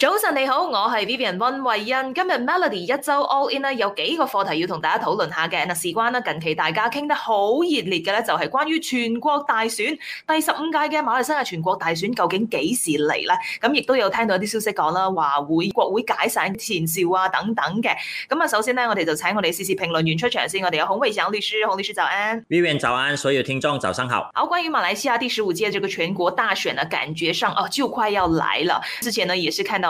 早晨你好，我係 Vivian 溫慧欣。今日 Melody 一周 All In 咧，有幾個課題要同大家討論下嘅。嗱，事關咧近期大家傾得好熱烈嘅咧，就係關於全國大選，第十五屆嘅馬來西亞全國大選究竟幾時嚟咧？咁亦都有聽到一啲消息講啦，話會國會解散前兆啊等等嘅。咁啊，首先咧，我哋就請我哋試試評論員出場先。我哋有孔偉祥律師，孔律師早安。Vivian 早安，所有聽眾早上好。而關於馬來西亞第十五屆這個全國大選咧，感覺上哦就快要來了。之前呢，也是看到。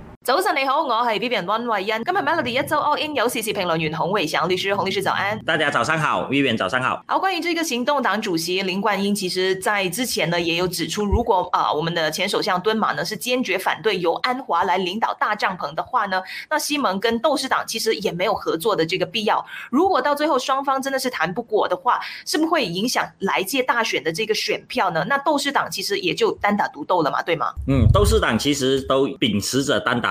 早晨你好，我係 Vivian 温慧欣。今日 Melody 一周 All In 有時事評論員洪偉祥，律師，洪律師早安。大家早上好 Vivian 早上好。好，關於這個行動黨主席林冠英，其實在之前呢也有指出，如果啊、呃、我們的前首相敦馬呢是堅決反對由安華來領導大帳篷的話呢，那西蒙跟鬥士黨其實也沒有合作的這個必要。如果到最後雙方真的是談不過的話，是不是會影響來屆大選的這個選票呢？那鬥士黨其實也就單打獨鬥了嘛，對嗎？嗯，鬥士黨其實都秉持着單打。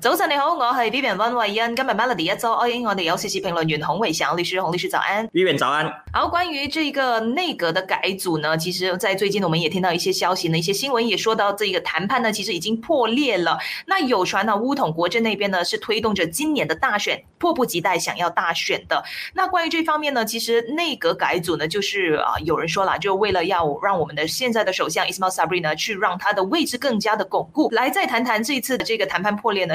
早晨你好，我係 Vivian 溫慧欣，今日 Melody 一早，我哋有時事評論員洪偉祥律師，洪律師早安，Vivian 早安。好，關於這個內閣的改組呢，其實，在最近呢，我們也聽到一些消息呢，一些新聞也說到，這個談判呢，其實已經破裂了。那有傳呢、啊，巫統國政那邊呢，是推動着今年的大選，迫不及待想要大選的。那關於這方面呢，其實內閣改組呢，就是啊，有人說了，就為了要讓我們的現在的首相 Ismael Sabri 呢，去讓他的位置更加的鞏固。來，再談談這一次的這個談判破裂呢，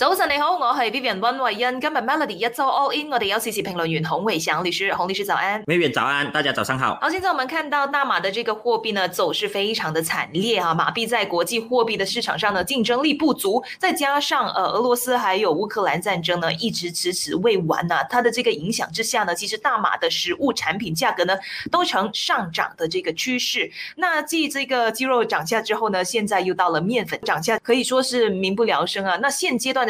早晨你好，我係 Vivian 溫慧欣，今日 Melody 一週 All In，我哋 LCC 評論員洪偉祥律師，洪律師早安。Vivian 早安，大家早上好。好，現在我們看到大馬的這個貨幣呢，走勢非常的慘烈啊，馬幣在國際貨幣的市場上呢，競爭力不足，再加上，呃，俄羅斯還有烏克蘭戰爭呢，一直遲遲未完啊，它的這個影響之下呢，其實大馬的食物產品價格呢，都呈上漲的這個趨勢。那繼這個雞肉漲價之後呢，現在又到了麵粉漲價，可以說是民不聊生啊。那現階段。